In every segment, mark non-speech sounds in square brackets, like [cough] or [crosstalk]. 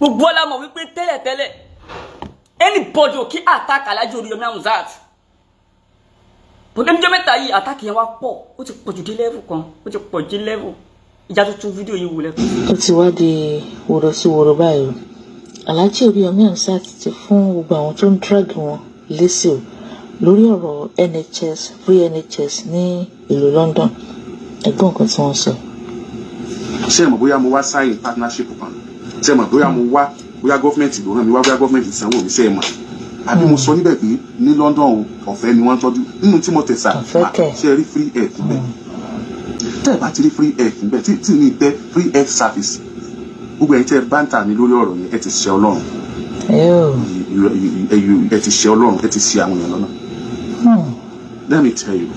gbogbo ọlá mọ̀ wípé tẹ́lẹ̀tẹ́lẹ̀ anybody ò kí attack Alhaji Oriyomi Hamzat bọ́dẹ́mijọ́ mẹ́ta yìí attack yẹn wá pọ̀ ó ti pọ̀jù dé level kan ó ti pọ̀ level ìjà tuntun fídíò yìí wò lẹ́kọ̀ọ́. ó ti wá di wòrò sí wòrò báyìí o Alhaji Oriyomi Hamzat ti fún gbogbo àwọn tó ń drag wọn lẹ́sẹ̀ o lórí ọ̀rọ̀ NHS free NHS ní ìlú London ẹ̀gbọ́n nǹkan tí wọ́n sọ. ṣé ìmọ̀ bóyá mo wá sáyìn partnership kan ṣe mọ̀ bóyá mo wá bóyá gọ́fìmẹ̀ntì ló ràn mí wá bóyá gọ́fìmẹ̀ntì sanwó mi ṣe mọ̀ àbí mo sọ níbẹ̀ pé ní London ọ̀fẹ́ ni wọ́n ń tọ́jú nínú tí mo tẹ̀sà ṣe rí free air fúnbẹ̀ tẹ́ ẹ̀ bá ti rí free air fúnbẹ̀ tí tí ní tẹ́ free air service gbogbo ẹ̀yin tẹ́ ẹ bá ń tà mí lórí ọ̀rọ̀ yẹn ẹ ti ṣe Ọlọ́run ẹ ti ṣe Ọlọ́run ẹ ti ṣe àwọn èèyàn lọ́nà hmm. let me tell you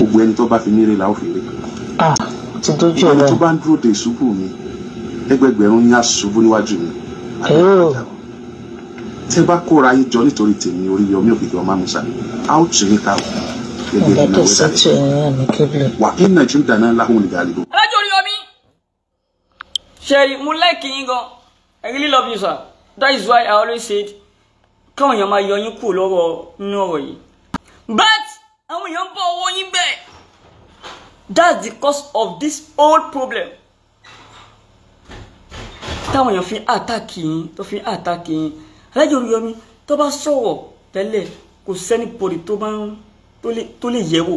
gbogbo ẹni tó bá fi mí rí la ó fi rí tí tó jù lọ. ìyẹn tó bá ń dúró de ìṣubú mi ẹgbẹgbẹ̀rún yín á ṣubú níwájú mi. tẹ bá kóra yín jọ nítorí tèmi orí yọmí òkìkí ọmọ amúsà á ó tì mí káwọ. ọ̀dọ́tò sátú ẹ̀yìn àmì kébìlì. wà kí nàìjíríà dáná láhùn ní gàlídó. alájọ orí omi ṣe mo like yín gan I really love you sir that is why I always said káwọn èèyàn máa yọ yín kúrò lọ́wọ́ nínú ọ̀rọ̀ yìí but àwọn èèyàn ń bọ̀ owó yín that's the cause of this whole problem táwọn èèyàn fi àtàkì yín tó fi àtàkì yín alájọ Oríyọmí tó bá sọ̀rọ̀ tẹ́lẹ̀ kò sẹ́ni pòrí tó bá tó lè yẹ̀ wò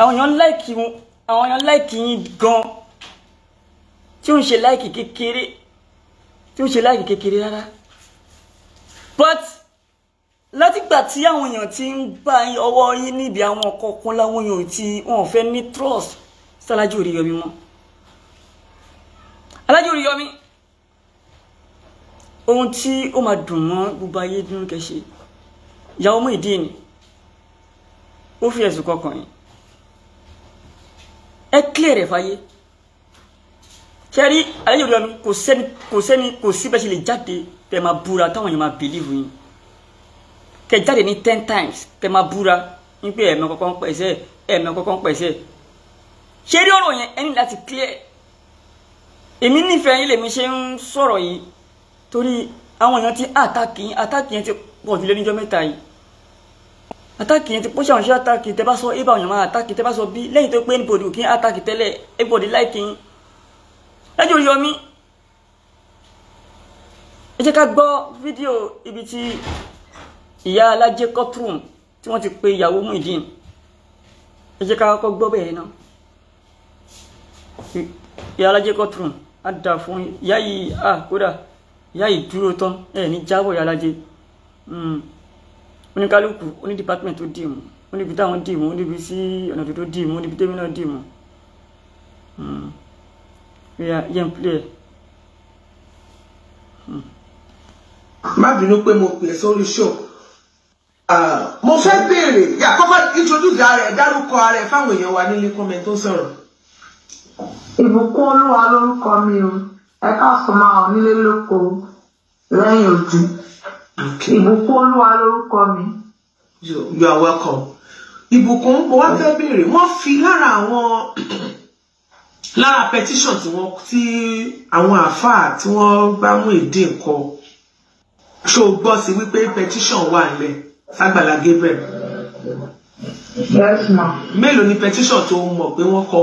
àwọn èèyàn láìkì wọn àwọn èèyàn láìkì yín gan tí ó ń ṣe láìkì kékeré tí ó ń ṣe láìkì kékeré rárá but látìgbà tí àwọn èèyàn ti ń bá ọwọ́ yín níbi àwọn ọ̀kọ̀ọ̀kan láwọn èèyàn tí wọn ò fẹ́ ní trust sálájú Oríyọmí mọ́ alájú Oríyọmí ohun tí ó máa dùn mọ́ gbogbo ayé dúró kẹṣe ìyàwó mú ìdí ni ó fi ẹ̀sùn kọkàn yìí ẹ kílè rẹ̀ fàyè kẹrí alájú Oríyọmí kò sẹ́ni kò sẹ́ni kò sí bẹ́ẹ̀ ṣe lè jáde tẹ̀ máa búra táwọn èèyàn máa bèlíìfù yín kẹ ní ten times kẹ máa búra ń pé ẹ̀mẹ́ kọ́kọ́ ń pẹ̀sẹ̀ ẹ̀mẹ́ kọ́kọ́ ń pẹ̀sẹ̀ ṣé rí ọ̀rọ̀ yẹn ẹni láti clear èmi nífẹ̀ẹ́ yín lèmi ṣe ń sọ̀rọ̀ yìí torí àwọn èèyàn ti àtàkì yín àtàkì yẹn ti pọ̀ jù lẹ́nu ọjọ́ mẹ́ta yìí àtàkì yẹn ti pọ́ṣẹ́ àwọn iṣẹ́ àtàkì tẹ́ bá sọ ébà òyìnbó àtàkì tẹ́ bá sọ bí lẹ́yìn tó pé anybody kí àtàkì tẹ́lẹ̀ anybody láìkì yín lẹ́jọ́ orí yọmí ẹ jẹ́ ká gbọ́ fídíò ibi tí ìyá alájẹ courtroom tí wọ́n ti pe ìyàwó Muyideen ẹ jẹ́ ká kọ́kọ́ gbọ́ bẹ́ẹ̀ náà ìyá alájẹ courtroom á dà fún ìyá yìí à kódà ìyá yìí dúró tán ẹ ní jábọ̀ ìyá alájẹ hmm. oníkálukú oní department tó dì mú oníbi táwọn dì mú oníbi sí ọ̀nà tó dì mú oníbi tẹ́mi náà dì mú hmm. yẹn play hmm. má bínú pé mo pè é sórí show Ah, mo fẹ́ béèrè àkọ́kọ́ introduce ara ẹ̀ dárúkọ ara ẹ̀ fáwọn èèyàn wa nílé kọ́mẹ tó sọ̀rọ̀. ìbùkún olúwa lórúkọ mi o ẹ káàsùn máa hàn nílé lóko lẹ́yìn òdì ìbùkún olúwa lórúkọ mi. you are welcome. ìbùkún mo wá fẹ́ béèrè wọ́n fi lára àwọn [clears throat] lára petition tí wọ́n tí àwọn àáfàá tí wọ́n bá mú ìdí nǹkan ṣó gbọ́ sí wípé petition wà nílẹ̀. Fágbàlá Gabriel. Yes ma. Mélòó ni petition tó mọ̀ pé wọ́n kọ?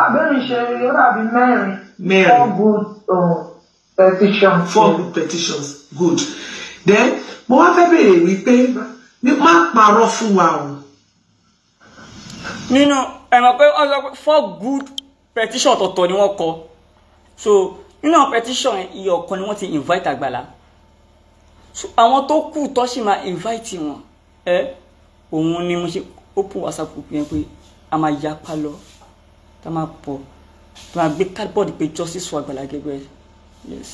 Abẹ́mi ṣe yọ́rà bíi mẹ́rin. Mẹ́rin. Four good uh, petitions. Four good petitions. Good. Then mo wá fẹ́ béèrè wípé má parọ́ fún wa o. Nínú ẹ̀rọ pé wọ́n sọ pé four good petitions ọ̀tọ̀ọ̀tọ̀ ni wọ́n kọ. So nínú petition ìyọ̀kan ni wọ́n ti invite Àgbàlá àwọn tó kù tó sì máa invite wọn ẹ òun ni mo ṣe open whatsapp group yẹn pé a máa yapa lọ tá a máa pọ̀ tá a máa gbé cardboard pé justice for Àgbàlá Gabriel yes.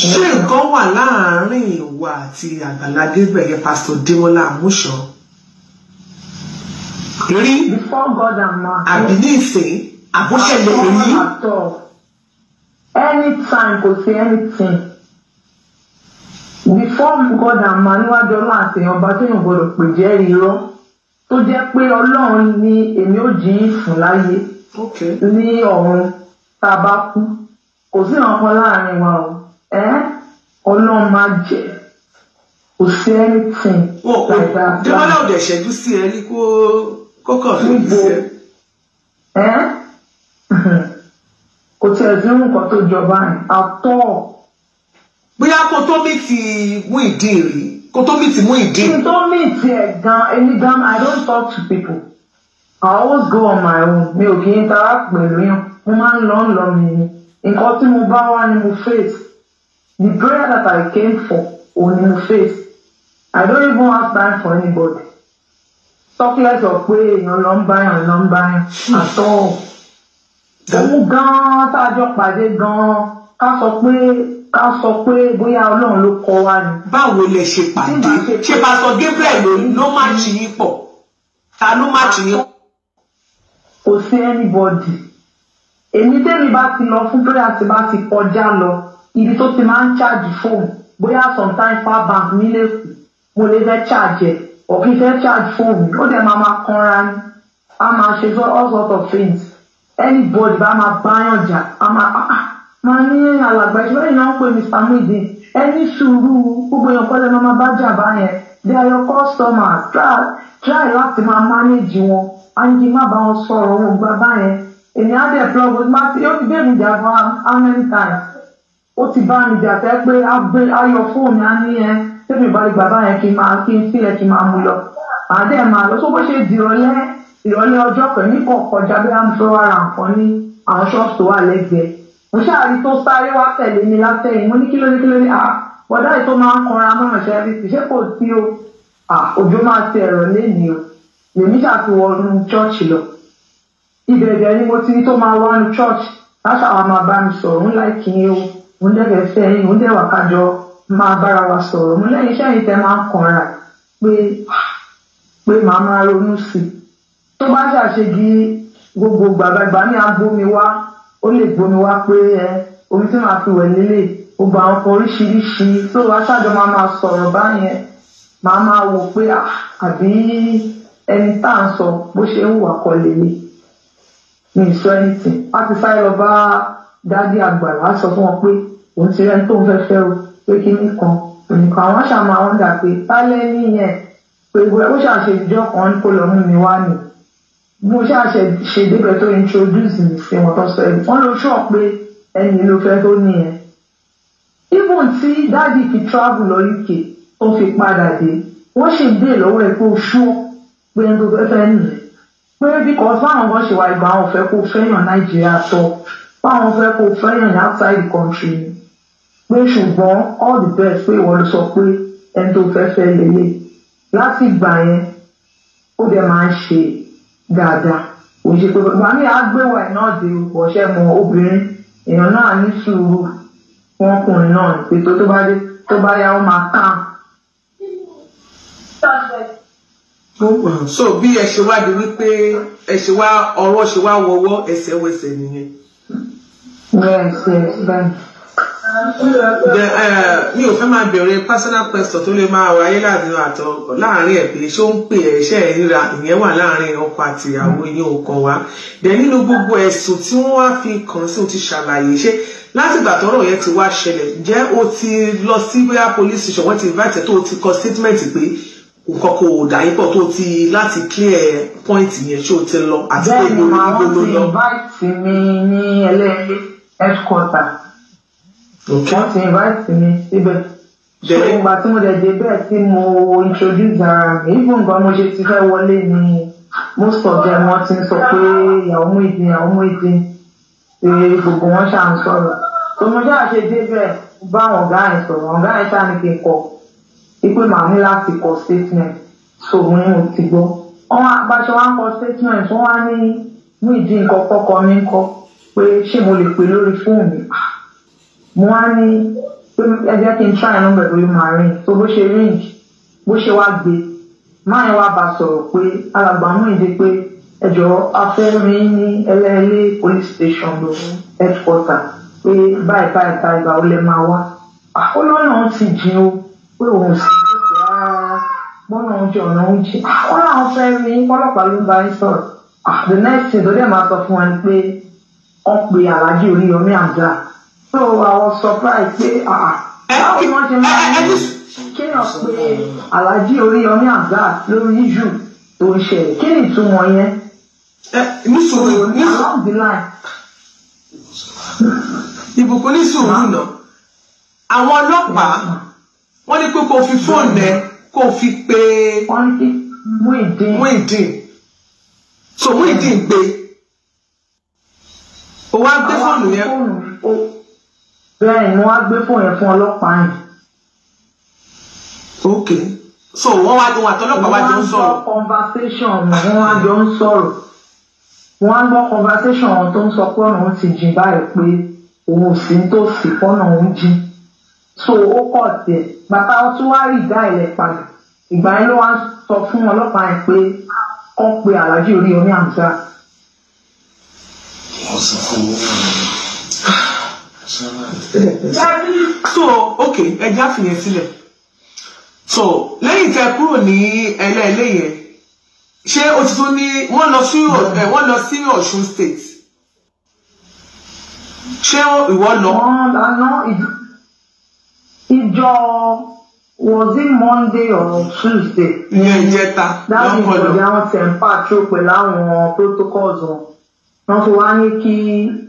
ṣé nǹkan wà láàárín ìwà àti Àgbàlá Gabriel yẹn pásítọ̀ Démọ́lá Àmúṣọ rí àbí ní ìsìn àbúṣe lòun yìí anytime kò sí anything before God and man níwájú ọlọ́run àtẹ̀yìn ọba tó yàn gbọdọ̀ pè jẹ́ irọ́ tó jẹ́ pé ọlọ́run ni èmi ò jí fún láyé ní ọ̀run tá a bá kú kò sí ìrànkan láàrin wa o ọlọ́run máa jẹ́ kò sí anything. wọ́n kò dẹ́mọ́lá ò dẹ̀ ṣẹ́jú sí ẹ ní kó kọ́kọ́ fún ìgbésẹ̀ kò tiẹ̀ sí nǹkan tó jọba yẹn àtọ́. bóyá kó tó mí ti mú ìdí rí kó tó mí ti mú ìdí. kí n tó mí ti ẹ̀ gan èmi gan I don't talk to people I always go on my own mi ò kì í tara pẹ̀lú yẹn mo máa ń lọ ń lọ mi ni nǹkan tí mo bá wá ni mo face the prayer that I came for òun ni mo face I don't even have time for anybody talk less of pé èèyàn ló ń bá èèyàn ló ń bá èèyàn àtọ́ òun gan-an tá a jọ pàdé gan-an ká sọ pé ká sọ pé bóyá ọlọ́run ló kọ wa ni. báwo lè ṣe pàdé ṣe pásítọ̀ Gabriel ló má ṣì yín pọ̀ ta ló má ṣì yín. kò sí anybody èmi tẹ́mi bá ti lọ fún bóyá ti bá ti kọjá lọ ibi tó ti máa ń ṣáàjì fóònù bóyá sometimes power bank mi lè kù mo lè fẹ́ ṣáàjì ẹ̀ ọ̀kì fẹ́ ṣáàjì fóònù ó dẹ̀ máa máa kanra ni a máa ṣe all sorts of things anybody bá máa báyàn jà á máa máa ní alàgbà ìṣúná yìí náà ń pè Mr Muideen ẹni sùúrù gbogbo èèyàn kọ́lẹ́ máa bá jà báyẹn they are your customers try try láti máa manage wọn anji má bá wọn sọ̀rọ̀ owó gba báyẹn èmi á dẹ̀ plug with má ti ó ti bẹ́ẹ̀ mi jà fún how many times ó ti bá mi jà fẹ́ pé á gbé ayọ̀ fóònù á ní yẹn tẹ́mi ìbálẹ̀ bàbá yẹn kí n máa kí kí n máa mú lọ àdé máa lọ sọ bó ṣe dìrọ̀lẹ́ ìrọ̀lẹ́ ọjọ́ pẹ̀lú kọ̀ kọjá bí a ń fẹ́ wá ra nǹkan ní àwọn ṣọ́ọ̀ṣì tó wà lẹ́gbẹ̀ẹ́ mo ṣáàrí tó sáré wá tẹ̀lé mi látẹ̀yìn mo ní kí ló ní kí ló ní à wọ́dà yìí tó máa ń kanra mọ́ ìṣẹ́ rí ti ṣé kò sí o à òjò máa ti ẹ̀rọ léèní o lèmi ṣàfihàn ọdún chọ́ọ̀chì lọ ìbẹ̀rẹ̀ ni mo ti rí tó máa wá ní chọ́ọ̀chì láṣà wa máa bá mi sọ̀rọ̀ ńlá ìkíni o mo ń dẹ́gẹ̀ fẹ́ yín mo ń dẹ̀wà kájọ máa bára wa sọ̀rọ̀ pé màá máa ronú sí i tó bá ṣàṣegi gbogbo gbàgbàgbà ní agbomi wá ó lè gbomi wá pé ẹ omi tí màá fi wẹ̀ lélẹ̀ gbogbo àwọn kan oríṣiríṣi tó wá ṣàjọ máa máa sọ̀rọ̀ báyẹn màá máa wò pé àbí ẹni tá à ń sọ bó ṣe ń wà kọ lélẹ̀ ní ìsọ ẹni tì á ti sáré lọ bá dádì àgbàlá sọ fún wọn pé òun ti rẹ́ni tóun fẹ́ fẹ́ o pé kí ní kan nǹkan àwọn ṣàmà wọn dà pé tálẹ́ nìyẹn pé ó ṣàṣejọ́ kan kó lọ mú mi wá nìyẹn bí mo ṣáà ṣe ṣe débẹ̀ tó introduce mi sí wọn tó sọ yìí wọ́n lọ sọ pé ẹni ló fẹ́ tó ní ẹ. even tí dáàdì fi travel lọ UK ó fi padà dé wọ́n ṣì ń dè lọ́wọ́ ẹ̀ pé ó fún pé ẹni tó fẹ́ fẹ́ nìyẹn pé because báwọn kan ṣe wà ìgbà àwọn fẹ́ kó fẹ́yàn Nàìjíríà tọ́ báwọn fẹ́ kó fẹ́yàn outside the country ni pé ṣùgbọ́n all the best pé ìwọ ló sọ pé ẹni tó fẹ́ fẹ́ lélẹ̀ láti ìgbà yẹn ó dẹ̀ máa ń ṣe é dáadáa òye pé bàbá mi á gbéwà iná dé ọ̀ṣẹ́ mọ obìnrin èèyàn náà ní sùúrù fún ọkùnrin náà pé tó tó bá dé tó bá yá ó máa kàn. so bí ẹ ṣe wá di wípé ẹ ṣe wá ọwọ́ ṣe wá wọwọ́ ẹsẹ̀ wẹsẹ̀ nìyẹn. bẹ́ẹ̀ ṣe bẹ́ẹ̀ mi ò fẹ́ máa bèèrè personal question tó lè máa wáyé láàrin àtọ láàrin ẹ̀ pé ṣó ń pè ẹ́ iṣẹ́ ẹ̀ ríra ìyẹn wà láàrin ọkọ àti ìyàwó yín ọkọ wa dẹ̀ nínú gbogbo ẹ̀sùn tí wọ́n wá fi kàn sí o ti ṣàlàyé ṣé látìgbà tọ́rọ̀ yẹn ti wá ṣẹlẹ̀ jẹ́ o ti lọ sí bóyá police station wọ́n ti invite tó o ti kọ statement pé nǹkan kò dà yín pọ̀ tó ti láti clear point yẹn ṣó o ti lọ àti pé mo ní lọ. bẹ́ẹ̀ ni ti invite mi ní ẹlẹ́yẹ headquarter wọ́n ti invite mi síbẹ̀ ṣùgbọ́n ìgbà tí mo dẹ̀ dé bẹ́ẹ̀ tí mo introduce ara mi even gan mo ṣe ti fẹ́ wọlé ni most of them wọ́n ti ń sọ pé ìyàwó mú ìdí ìyàwó mú ìdí gbogbo wọn ṣáà ń sọ̀rọ̀ tòmọdé àṣedé bẹ́ẹ̀ bá àwọn ọ̀gá yẹn sọ̀rọ̀ ọ̀gá yẹn ṣáà ní kí n kọ ipe màá ní láti kọ statement so mo ní mo ti gbọ́ wọn abaṣọ wa ń kọ statement wọn wá ní mú ìdí nǹkan kọkọ mi ń kọ pé ṣé mo lè pè lórí fóònù mi ah mo wá ní pé ẹ jẹ́ kí n try ẹnu pẹ̀lú marine tó bó ṣe range bó ṣe wá gbé máa wá bá sọ̀rọ̀ pé alàgbà mú ìdí pé ẹjọ́ ní police station lòún headquarter pé báyìí báyìí báyìí báwo lè máa wá àkọlọ́nà ah, ti jìn o pé òun sì ń ah, o rárá mọ́nà oúnjẹ ọ̀nà oúnjẹ àwọn làwọn fẹ́ rí ọlọ́pàá ló ń bá yín sọ̀rọ̀ ah, the next thing fún ni pé wọ́n pe Oríyọmí so I was surprised pé ah, ah. báwo ni wọ́n ṣe máa ń kéèyàn pé alájí Oríyọmí Hamzat lórí yíjù tó ń ṣe kí ni ìtumọ̀ yẹn. nísòro nísòro ìbùkún nísòro náà àwọn ọlọ́pàá wọ́n ní pé kó fi fóònù ẹ kó fi pé Muyideen so Muyideen gbé o wá gbé fóònù yẹn bẹ́ẹ̀ ni wọ́n á gbé fóun yẹn fún ọlọ́pàá yẹn. ok so wọ́n wá jọ wọn àtọlọ́pàá wá jọ ń sọ̀rọ̀. wọ́n á gbọ́ conversation wọ́n wá jọ ń sọ̀rọ̀ wọ́n á gbọ́ conversation ọ̀hún tó ń sọ pé ọ̀nà òun ti jìn báyìí pé òun ò sí tó sì fọ́nà òun jìn so ó kọ̀ tiẹ̀ bàbá ó tún wá rí ìdá ilẹ̀ padà ìgbà yẹn ló wá sọ fún ọlọ́pàá yẹn pé kọ́ pe aláàjì orí omi àmúta. wọ́n sọ fún wọn sani so ok ẹja fìyẹn sílẹ̀ so lẹ́yìn tẹ kúrò ní ẹlẹ́ẹ̀lẹ́ yẹn ṣé o ti tún ní wọ́n lọ sí wọ́n lọ sí Ọ̀ṣun state ṣé ìwọ lọ. àná ìjọ was it Monday or Tuesday. ilé ìjẹta lọ́pọ̀ lọ. láti ìjọba àwọn tẹ̀ ń pàtó pẹ̀lú àwọn protocols wọn wọ́n fi wá ní kí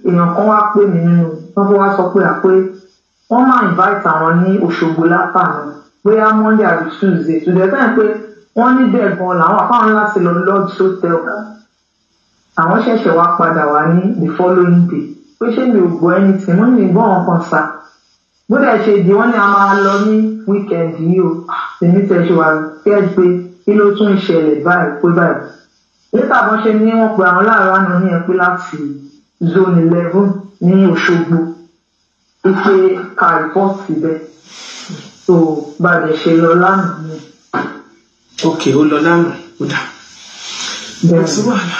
èèyàn kan wá pè mí nínú wọ́n fi wá sọ pé à pé wọ́n máa invite àwọn ní Òṣogbo látàmú bóyá Monday àbí Tuesday tó dẹ̀ bẹ́ẹ̀ pé wọ́n ní bẹ́ẹ̀ gan làwọn àpáwọn ńlá ti lọ lodge hotel àwọn ṣẹ̀ṣẹ̀ wá padà wá ní the following day pé ṣé mi ò gbọ́ ẹni tí mo ní gbọ́ wọn kan sa bóyá ṣe di wọ́n ní a máa lọ ní weekend yìí o ah, èmi tẹ̀ ṣe wà kẹ́ẹ̀ pé kí ló tún ń ṣẹlẹ̀ báyìí pé báyìí nígbà bọ́n ṣe ní wọ́n pe àwọn láàárọ̀ àná ní ẹ pé láti zone eleven ní Òṣogbo wípé ká report síbẹ̀ so bá a lè ṣe lọ lánàá ni. ok ó lọ lánàá ó dà bẹ́ẹ̀ sí wàhálà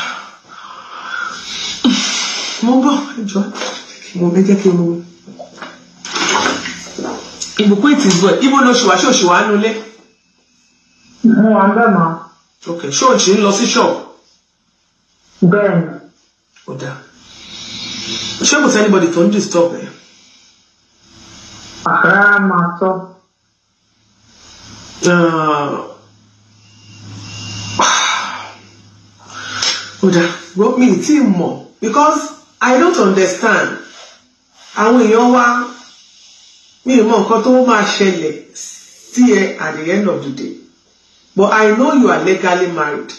mo bọ̀ ẹjọ́ mo bẹ jẹ́ kí n mú ìbùkún ìtìzú ẹ̀ ibo ló ṣùwà ṣòṣì wà nulẹ̀. mo wà ń bẹ̀ mọ́. ok ṣóòṣì ń lọ sí ṣọ́ọ̀bù. bẹ́ẹ̀ ó dáa ṣé kò sí anybody tó ń disturb ẹ. àkàrà máa tọ́. ọ̀dà wọ́n mi tí ì mọ̀ because I don't understand àwọn èèyàn wa mi ì mọ̀ nǹkan tó máa ṣẹlẹ̀ sí ẹ at the end of the day but I know you are legally married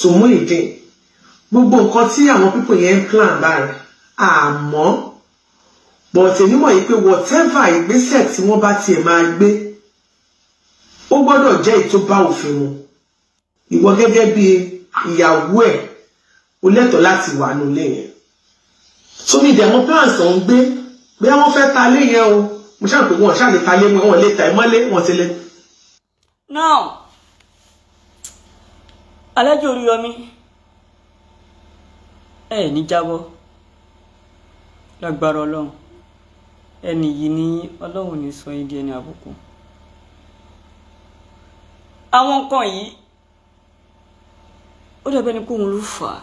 to Muyideen gbogbo nǹkan tí àwọn pípò yẹn ń plan báyìí àmọ́ bọ̀tẹ̀ nímọ̀ yìí pé whatever ìgbésẹ̀ tí wọ́n bá tiẹ̀ máa gbé ó gbọ́dọ̀ jẹ́ èyí tó bá òfin mu ìwọ gẹ́gẹ́ bí ìyàwó ẹ̀ o lẹ́tọ̀ọ́ láti wà nù ilé yẹn so ní ìdẹ̀mọ́ plans tó ń gbé bí wọ́n fẹ́ ta ilé yẹn o mo ṣáà pé wọ́n ṣáà lè ta ilé wọn wọ́n lè ta ìmọ́lé wọ́n ti lé. now alẹ́jọ́ Oríyọmí ẹ̀ ní jábọ́ lágbára ọlọ́run ẹni yìí ni ọlọ́run ní sọ yín di ẹni àbùkù àwọn nǹkan yìí ó dàbẹ́ ni kóun ló fà á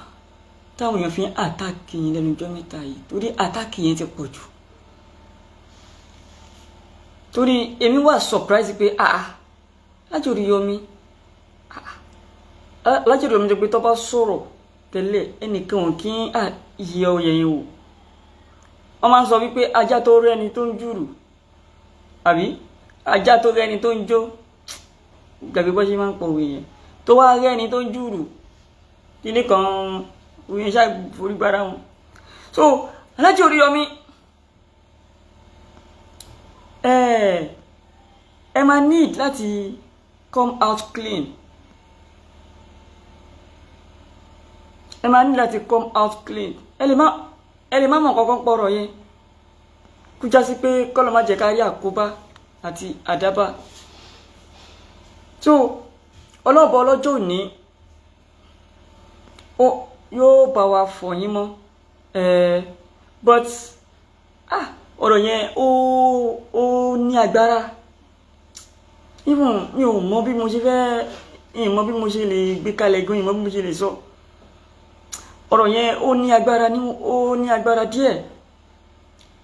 táwọn èèyàn fi ń àtàkì yín lẹ́nu ọjọ́ mẹ́ta yìí torí àtàkì yẹn ti pọ̀ jù torí èmi wà surprise pé àá lájòrí yomi lájòrí yomi tó pé tó bá sọ̀rọ̀ tẹ́lẹ̀ ẹnìkan ò kí ń yẹ ọyẹ wò wọ́n máa ń sọ wípé ajá tó rẹ́ni tó ń jùrù àbí ajá tó rẹ́ni tó ń jó gbàgbé bọ́ ṣe máa ń pòwe yẹn tó wá rẹ́ni tó ń jùrù kíní kan òye ṣáà forí gbára wọn so alájọ Oríyọmí ẹ ẹ máa need láti come out clean ẹ máa need láti come out clean ẹ lè má ẹ lè má mọ̀ kankan pọ̀rọ̀ yẹn kú jásí pé kọ́lọ́ má jẹ́ ká rí àkóbá àti àdábà tó ọlọ́bọ ọlọ́jọ́ òní yóò bá wa fọ̀ yín mọ́ but ah ọ̀rọ̀ yẹn ó ó ní agbára even mi ò mọ bí mo ṣe fẹ́ ìmọ̀ bí mo ṣe lè gbé kalẹ̀ gan ìmọ̀ bí mo ṣe lè sọ. So ọ̀rọ̀ yẹn ó ní agbára ní ó ní agbára díẹ̀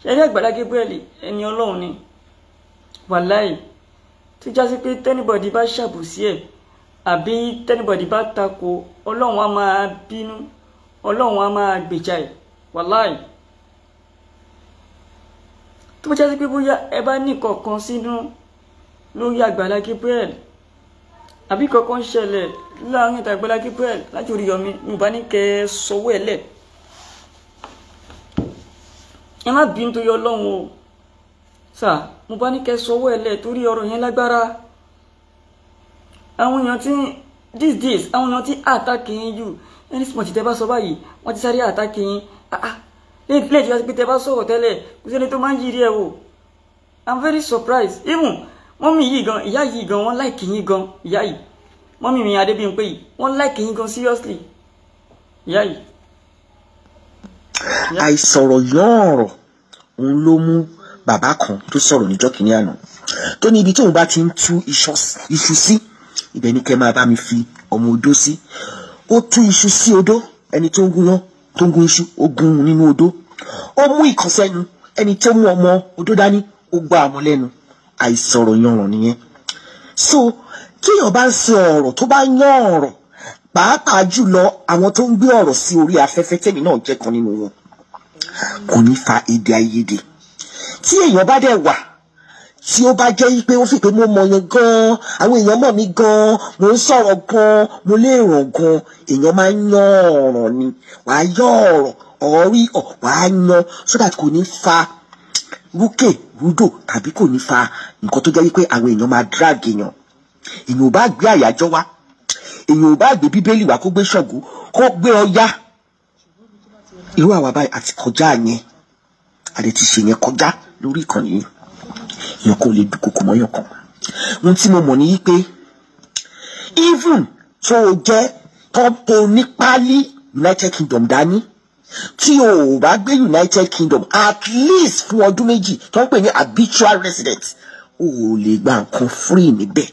ṣẹlẹ̀ Àgbàlá Gabriel ẹni Ọlọ́run ni wàláì tó jásí pé tẹ́nibọ̀dì bá ṣàbòsí ẹ̀ àbí tẹ́nibọ̀dì bá tako Ọlọ́run á máa bínú Ọlọ́run á máa gbèjà ẹ̀ wàláì tó jásí pé bóyá ẹ bá ní sínú lórí Àgbàlá Gabriel àbí kankan ṣẹlẹ̀ láàrin ìta ìpẹ́lá láti orí yọmi mo bá ní kẹ́ sọwọ́ ẹ̀ ẹ má bí nítorí ọlọ́run o sà mo bá ní kẹ́ sọwọ́ ẹ̀ torí ọ̀rọ̀ yẹn lágbára àwọn èèyàn tí these days àwọn èèyàn tí àtàkì yín jù ẹni tí mo ti tẹ́ bá sọ báyìí wọ́n ti sáré àtàkì yín lẹ́yìn tí wọ́n ti pé tẹ́ bá sọ̀rọ̀ tẹ́lẹ̀ kò sẹ́ni tó máa ń yiri ẹ̀ wò I'm very surprised even mọ́mí yìí gan ìyá yìí gan wọ́n láìkì yín gan ìyá yìí mọ́mí mi Adébímpé yìí wọ́n láìkì yín gan seriously ìyá yìí. àìsọ̀rọ̀ yán ọ̀rọ̀ òun ló mú bàbá kan tó sọ̀rọ̀ níjọ́ kìíní àná tó ní ibi tóun bá ti ń tú iṣu sí ibẹ̀ ni kẹ́ máa bá mi fi ọmọ odó sí ó tú iṣu sí odó ẹni tó ń gún yán tó ń gún iṣu ó gún un nínú odó ó mú ìkànsẹ́nu ẹni tó mú ọmọ odó dání ó gbá ọmọ lẹ́nu àìsọ̀rọ̀ yanràn nìyẹn so téèyàn bá ń sọ ọ̀rọ̀ tó bá yan ọ̀rọ̀ pàápàá jùlọ àwọn tó ń gbé ọ̀rọ̀ sí orí afẹ́fẹ́ tèmi náà jẹ́ kan nínú wọn kò ní fa èdè àìyedè tí èèyàn bá dẹ̀ wà tí ó bá jẹ́ pé ó fi pé mo mọ̀ yẹn gan-an àwọn èèyàn mọ̀ mí gan-an mo ń sọ̀rọ̀ gan-an mo lè ràn gan-an èèyàn máa ń yan ọ̀rọ̀ ni wàá yan ọ̀rọ̀ ọ̀rí ọ̀ wàá yan so that kò ní fa búkè rúdò tàbí kò ní fa nǹkan tó jẹ́ wípé àwọn èèyàn máa drag èèyàn èèyàn ò bá gbé àyájọ́ wá èèyàn ò bá gbé bíbélì wá kó gbé ṣọ̀gùn kó gbé ọya irú àwa báyìí àti kọjá yẹn àdè ti ṣe yẹn kọjá lórí ìkànnì èèyàn kò lè dúnkokò mọ́yàn kan ohun tí mo mọ̀ ní pé even tó o jẹ́ tó o ní pálí United Kingdom dání tí o ò bá gbé United Kingdom at least fún ọdún méjì tó ń pè ní habitual resident o ò lè gba nǹkan free níbẹ̀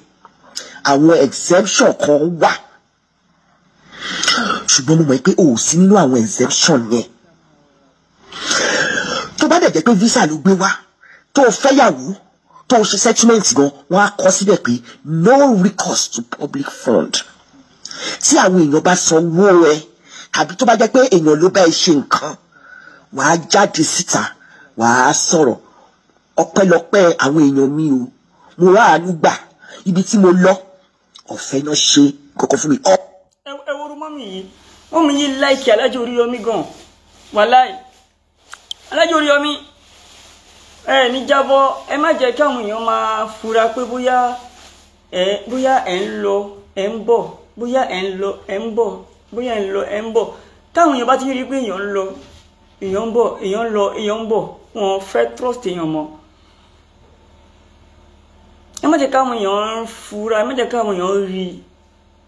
àwọn exception kan wà ṣùgbọ́n mo mọ̀ pé o ò sí nínú àwọn exception yẹn tó bá dẹ̀ jẹ́ pé visa ló gbé wá tó o fẹ́yàwó tó o ṣe settlement gan wọ́n á kọ síbẹ̀ pé no recourse to public fund tí àwọn èèyàn bá sanwó rẹ̀ àbí tó bá jẹ́ pé èèyàn ló bá ẹ ṣe nǹkan wàá jáde síta wàá sọ̀rọ̀ ọpẹ́lọpẹ́ àwọn èèyàn mi o mo wá àánú gbà ibi tí mo lọ ọ̀fẹ́ náà ṣe kọ̀ọ̀kan fún mi. ẹ wo orúmọ mi yìí wọn mi yí láìkí alájọ Oríyọmí gan wàláì alájọ Oríyọmí ẹ ní jábọ̀ ẹ má jẹ́ kí àwọn èèyàn máa fura pé bóyá ẹ bóyá ẹ ń lọ ẹ ń bọ̀ bóyá ẹ ń lọ ẹ ń bọ̀ bóyá ẹ̀ ń lọ ẹ̀ ń bọ̀ táwọn èèyàn bá ti rí i pé èèyàn ń lọ èèyàn ń bọ̀ èèyàn ń lọ èèyàn ń bọ̀ wọn fẹ́ trust èèyàn mọ́ ẹ má jẹ́ káwọn èèyàn ń fura ẹ má jẹ́ káwọn èèyàn ń rí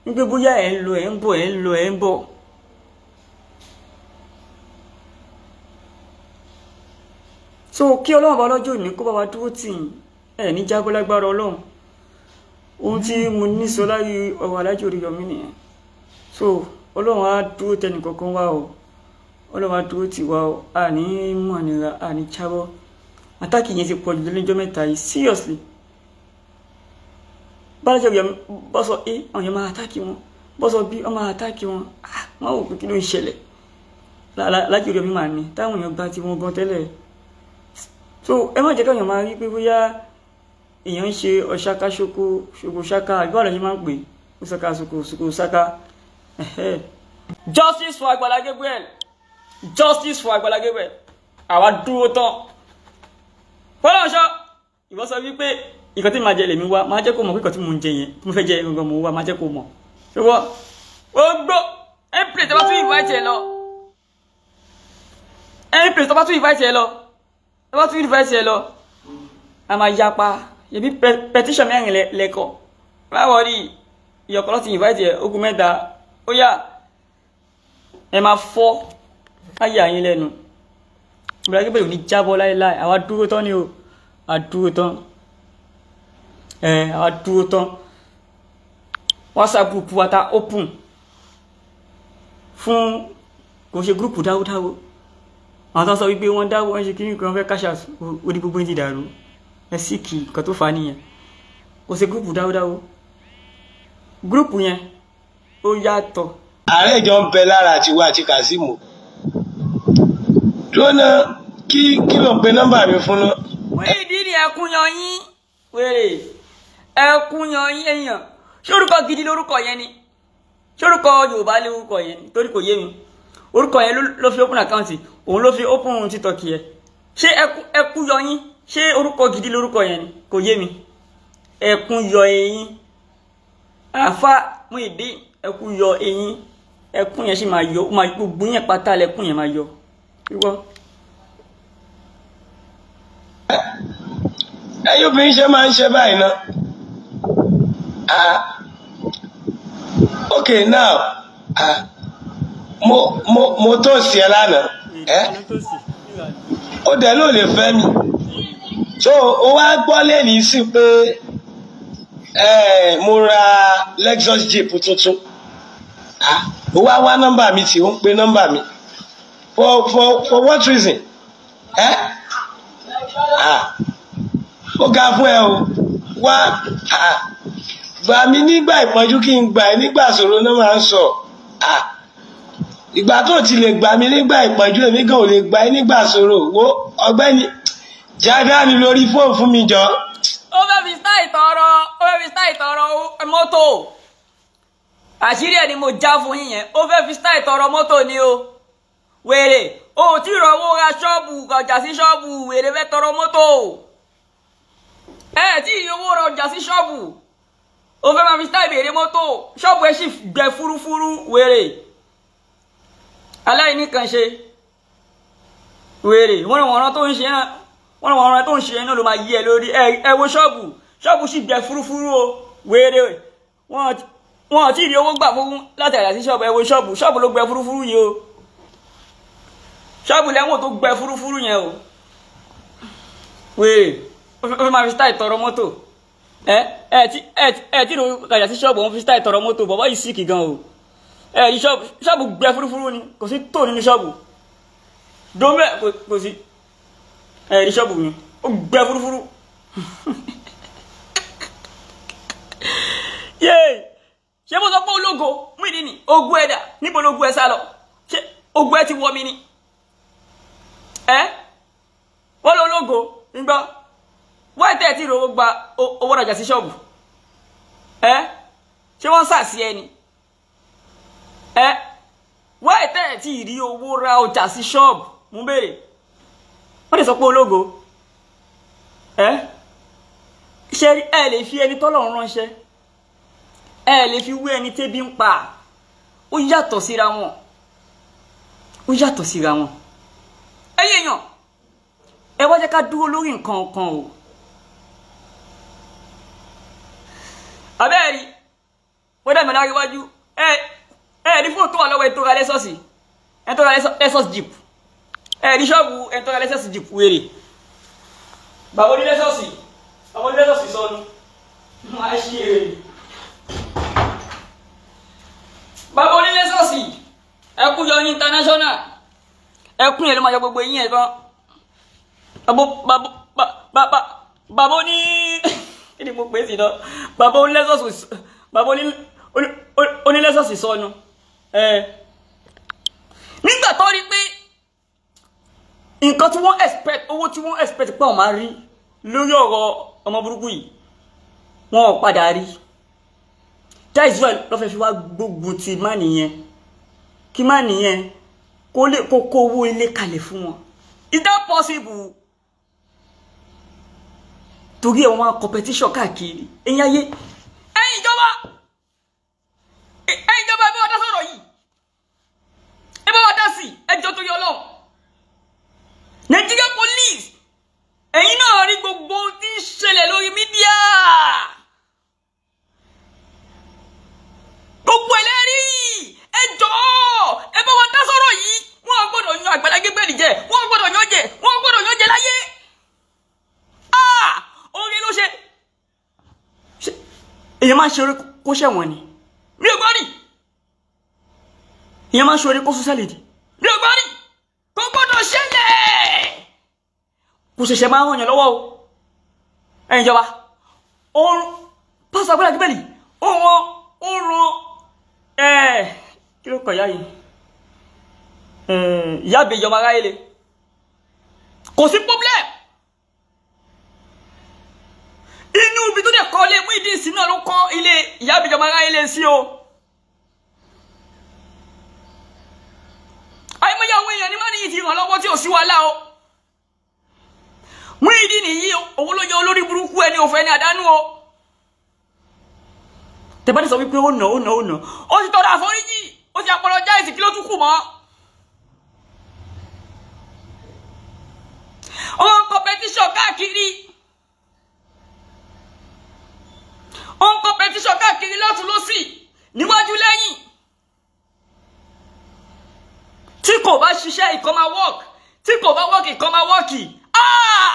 i wípé bóyá ẹ̀ ń lọ ẹ̀ ń bọ̀ ẹ̀ ń lọ ẹ̀ ń bọ̀. so kí ọlọ́run bá lọ́jọ́ òní kó bá wa dúró tì í ẹ̀ ní jágbó lágbára ọlọ́run ohun tí mo ní sọ láyé ọ̀rọ̀ alájò orí yọmí nìyẹn so ọlọ́run á dúró tẹnì kankan wá o ọlọ́run á dúró tì wá o a ní mọ̀ nira a ní jábọ́ àtàkì yẹn ti pọ̀ jù lọ́jọ́ mẹ́ta yìí seriously bálájà òyà bọ́sọ a àwọn yẹn máa àtàkì wọn bọ́sọ b ọmọ àtàkì wọn ah, wọn ò kí ló ń ṣẹlẹ̀ lájì òyà mi máa ní táwọn èèyàn gba ti wọn gan tẹ́lẹ̀ so ẹ má jẹ́ káwọn èèyàn máa rí pé bóyá èèyàn ń ṣe ọ̀ṣáká ṣoko [laughs] justice for Agbala Gabriel justice for Agbala Gabriel àwa dúró tán fọlọ́nṣọ́ ìwọ sọ wípé ìkan tí màá jẹ lèmi wá màá jẹ́ kó mọ̀ pé ìkan tí mò ń jẹ yẹn mo fẹ́ jẹ gangan mo wá màá jẹ́ kó mọ̀ ṣùgbọ́n ó gbó ẹni pèsè tún invite ẹ lọ ẹni pèsè tó tún invite ẹ lọ tó bá tún invite ẹ lọ a máa yapa yẹbi petition mẹ́rin lẹ́kọ̀ọ́ báwo ni ìyọ̀kọ́ lọ́ti invite ẹ ogun mẹ́ta ó yá ẹ máa fọ́ ayé àyín lẹ́nu ìbúra kí bẹ́ẹ̀ ò ní jábọ́ láéláé àwa dúró tán ni o àdúró tán ẹ àwa dúró tán whatsapp group wa open fún kò ṣe gúrùpù dáwódáwó àwọn tó ń sọ wípé wọ́n dáwó wọ́n ṣe kí nǹkan fẹ́ cash out ó di gbogbo ní ti dàrú ẹ sì kì nǹkan tó fà á nìyẹn kò ṣe gúrùpù dáwódáwó gúrùpù yẹn ó yàtọ̀. ààrẹ jọ ń bẹ lára àtiwá àti kazeem lọ́nà kí kí ló ń pe nọ́mbà mi fún ná. ìdí ni ẹkúnyan yín wèrè ẹkúnyan yín èèyàn ṣórúkọ gidi lórúkọ yẹn ni ṣórúkọ yorùbá lórúkọ yẹn ni torí kò yé mi orúkọ yẹn ló fi open account òun ló fi open tiktok yẹn ṣé ẹkúnyan yín ṣé orúkọ gidi lórúkọ yẹn ni kò yé mi ẹkúnyan yín àfa mú ìdí ẹkún yọ eyín ẹkún yẹn sì máa yọ gbogbo yẹn pátá lẹkún yẹn máa yọ wíwọ́. ẹ̀yin obìnrin ṣe máa ń ṣe báyìí ná. okay now uh, mo mo mo tó sí ẹ lánàá ẹ ó dẹ ló lè fẹ́ mi so ó wá gbọ́ lẹ́yìn sí pé mo ra Lexus jeep tuntun ó wá wá nọ́mbà mi tí ó ń pe nọ́mbà mi for for for what reason ẹ ó ga fún ẹ o wá gbà mí nígbà ìpọ́njú kí n gbà ẹ nígbà ìṣòro náà máa ń sọ ìgbà tó ti lè gbà mí nígbà ìpọ́njú èmi gan ò lè gbà ẹ nígbà ìṣòro wo ọ̀gbẹ́ni jádàánì lórí fóònù fún mi jọ. ó fẹ́ fi sáì tọrọ ó fẹ́ fi sáì tọrọ mọ́tò àṣírí ẹ̀ ni mo já fún yín yẹn ó fẹ́ fi style tọrọ mọ́tò ni o wèrè o ò tí ì rọwọ́ ra ṣọ́ọ̀bù ọjà sí ṣọ́ọ̀bù wèrè fẹ́ tọrọ mọ́tò ẹ tí ì owó ra ọjà sí ṣọ́ọ̀bù o fẹ́ máa fi style bèrè mọ́tò ṣọ́ọ̀bù ẹ sì gbẹ fúrúfúrú wèrè aláìní kan ṣe wèrè wọ́n ràn wọ́n tó ń ṣe náà wọ́n ràn wọ́n tó ń ṣe náà ló máa yí ẹ lórí ẹ wo ṣọ́ọ̀bù ṣọ́ọ̀bù sì gbẹ fúrúfúrú o wèrè wọ́n wọn ò tí owó gbà fún látàrí àti ṣọ́ọ̀bù ẹ ṣọ́ọ̀bù ṣọ́ọ̀bù ló gbẹ fúrúfúrú yìí o ṣọ́ọ̀bù lẹ́wọ̀n tó gbẹ fúrúfúrú yẹn o wèè ó fẹ́ máa fi sítáì tọrọ mọ́tò ẹ ẹ tí ẹ tí kàjà sí ṣọ́ọ̀bù wọn fi sítáì tọrọ mọ́tò bọ́bọ́ yìí síkì gan o ẹ yìí ṣọ́ọ̀bù gbẹ fúrúfúrú ni kò sí tó nínú ṣọ́ọ̀bù dómẹ́ kò sí ẹ yìí ṣọ́ọ̀bù mi ó gbẹ fúrúfúrú [laughs] yéè. ṣé mo sọ pé ológo mú ni ogun ẹ̀dà níbo lógun ẹ sá lọ ṣé ogun ẹ ti wọ mi ni ẹ wọ́n lọ ológo ń gbọ́ wọ́n ẹ̀ tẹ́ ẹ ti gba owó ọjà sí ṣọ́ọ̀bù ẹ ṣé wọ́n sà sí ẹ ni ẹ wọ́n ẹ̀ tẹ́ ẹ owó ra ọjà sí ṣọ́ọ̀bù mú béèrè wọ́n lè sọ pé ológo ẹ ṣe ẹ lè fi ẹni tọ́lọ́run ránṣẹ́. ẹ lè fi wé ẹni tẹ́bi ń pa ó yàtọ̀ síra wọn ó yàtọ̀ síra wọn ẹ̀yin èèyàn ẹ wá jẹ́ ká dúró lórí nǹkan kan o abẹ́ẹ̀rí ó dàmí lára iwájú ẹ ẹ ní fóònù tó wà lọ́wọ́ ẹ tó ra lẹ́sọ̀sì ẹ tó ra lẹ́sọ̀sì jeep ẹ ní ṣọ́ọ̀bù ẹ tó ra lẹ́sọ̀sì jeep wèrè bàbá onílẹ́sọ̀sì àwọn onílẹ́sọ̀sì sọnù [laughs] máa ṣe èrè. bàbá onílé sọ́ọ̀sì ẹkú yọ ní international ẹkú yẹn ló máa yọ gbogbo yín ẹ̀ tán bàbá oní kí ni mo pè é sí lọ bàbá onílé sọ́ọ̀sì bàbá onílé sọ́ọ̀sì sọnù nígbà tó rí pé nǹkan tí wọ́n expect owó tí wọ́n expect pé wọ́n máa rí lórí ọ̀rọ̀ ọmọ burúkú yìí wọ́n padà rí i dá Israel ló fẹ́ fi wá gbógun ti má nìyẹn kí má nìyẹn kó lè kó kó owó ilé kalẹ̀ fún wọn is that possible torí ẹ̀ wọ́n competition káàkiri ẹ̀yin ayé ẹ̀yin ìjọba ẹ̀yin ìjọba ẹ bá wa dá sọ̀rọ̀ yìí ẹ bá wa dá sí ẹjọ́ torí Ọlọ́run Nigeria police ẹ̀yin náà rí gbogbo tí ń ṣẹlẹ̀ lórí mídíà. gbogbo ẹlẹ́rìí ẹ jọ̀ọ́ ẹ bá wọn dá sọ̀rọ̀ yìí wọn gbọ́dọ̀ yan Àgbàlá Gabriel jẹ wọn gbọ́dọ̀ yan jẹ wọn gbọ́dọ̀ yan jẹ láyé orin ló ṣe èèyàn máa ń ṣeré kó ṣẹ̀wọ̀n ni mi ò gbọ́ rí èèyàn máa ń ṣeré kó ṣiṣẹ́ lèdì mi ò gbọ́ rí kó gbọ́dọ̀ ṣẹlẹ̀ kò ṣẹ̀ṣẹ̀ máa ń hàn yàn lọ́wọ́ o ẹ̀yìn ìjọba ó ń pásítọ̀ Àgbàlá ó ràn ràn kí ló kọ ìyá yìí hm, ìyá àbèjọ ọmọ aráyé le kò sí problema inú ibi tó dẹ̀ kọ́ ilé Muyideen sí náà ló kọ́ ilé ìyá àbèjọ ọmọ aráyé le sí o. àìmọye àwọn èèyàn ni wọ́n ní ìdí ìrànlọ́wọ́ tí ò sí wàhálà o Muyideen nìyí òun ló jẹ́ olórí burúkú ẹni òfẹ́ ni àdánù o tẹ bá ti sọ wípé ó nà ó nà ó nà ó ti tọrọ àforíjì ó ti àpọlọ jáìsì kí ló tún kù mọ́. ó ń competition káàkiri ó ń competition káàkiri lọ́tún lọ́sì níwájú lẹ́yìn tí kò bá ṣiṣẹ́ ìkan máa work tí kò bá work ìkan máa work ah!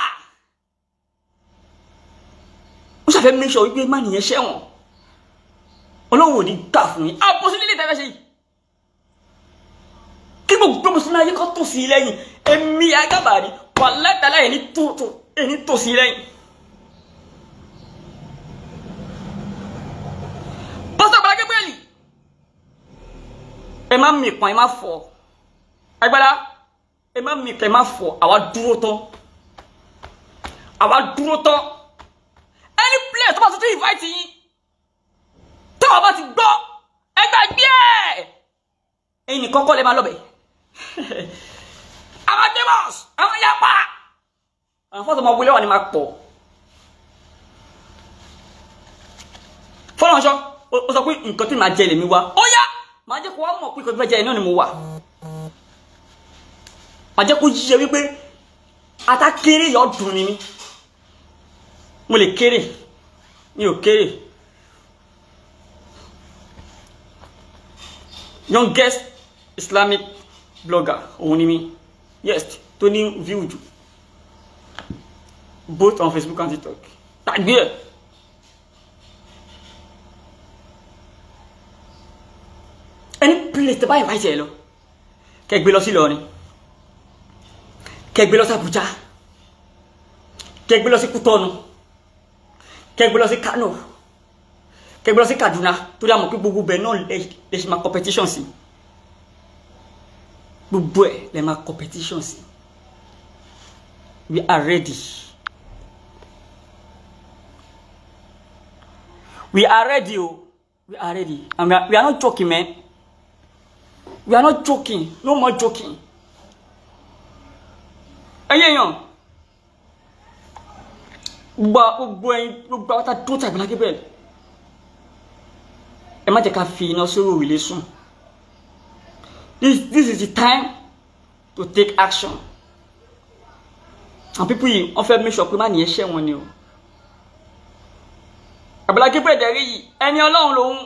ó ṣàfẹ́ make sure wípé má nìyẹn ṣẹ̀wọ̀n ọlọ́run ò ní gbà fún yín àpòsílẹ̀ ilé ìtafẹ́ ṣe yìí kí gbogbo mùsùlùmí ayé kan tó sí lẹ́yìn èmi agábàárí wà látàlá ẹni tó tó ẹni tó sí lẹ́yìn. pásítọ̀ Agbala Gabriel ẹ má mìkan ẹ má fọ Agbala ẹ má mìkan ẹ má fọ àwa dúró tán àwa dúró tán any place tó bá tuntun invite yín táwọn bá ti gbọ́ ẹ gbàgbé ẹ̀ ẹ̀yìn kọ́kọ́ lè máa lọ́bẹ̀ àwọn demons àwọn yapa àwọn fọ́tò máa wọlé wà ní máa pọ̀ fọlọ́nṣọ́ ó sọ pé nǹkan tí màá jẹ lèmi wá ó yá màá jẹ́ kó wá mọ̀ pé nǹkan tí màá jẹ iná ni mo wà màá jẹ́ kó yíyẹ wípé ata kéré yọ dùn ni mi mo lè kéré mi ò kéré. Young guest, Islamic blogger òun ni mí yes tó ní both on Facebook and TikTok tàgbé ẹ̀. ẹni place to buy invite ẹ lọ kẹ gbé lọ sí Ìlọrin kẹ gbé lọ sí Àbújá kẹ gbé lọ sí Kútọ́nù kẹ lọ sí Kánò kẹgbẹ́ lọ sí Kaduna tó dá mọ̀ pé gbogbo bẹ́ẹ̀ náà lè ṣe máa competition sí gbogbo ẹ̀ lè máa competition sí we are ready we are ready o we are ready and we are, we are not joking man we are not joking no more joking ẹyẹ yàn gbogbo ẹyin gbogbo àwọn tá a dúró tàbí lágbẹ́bẹ̀ẹ́ má jẹ́ ká fi iná sórí òrùlé sùn this this is the time to take action and people yìí wọ́n fẹ́ make sure pé má nìyẹn ṣẹ́ wọn ni o Àgbàlá Gabriel dẹ̀rí yìí ẹni ọlọ́run lòun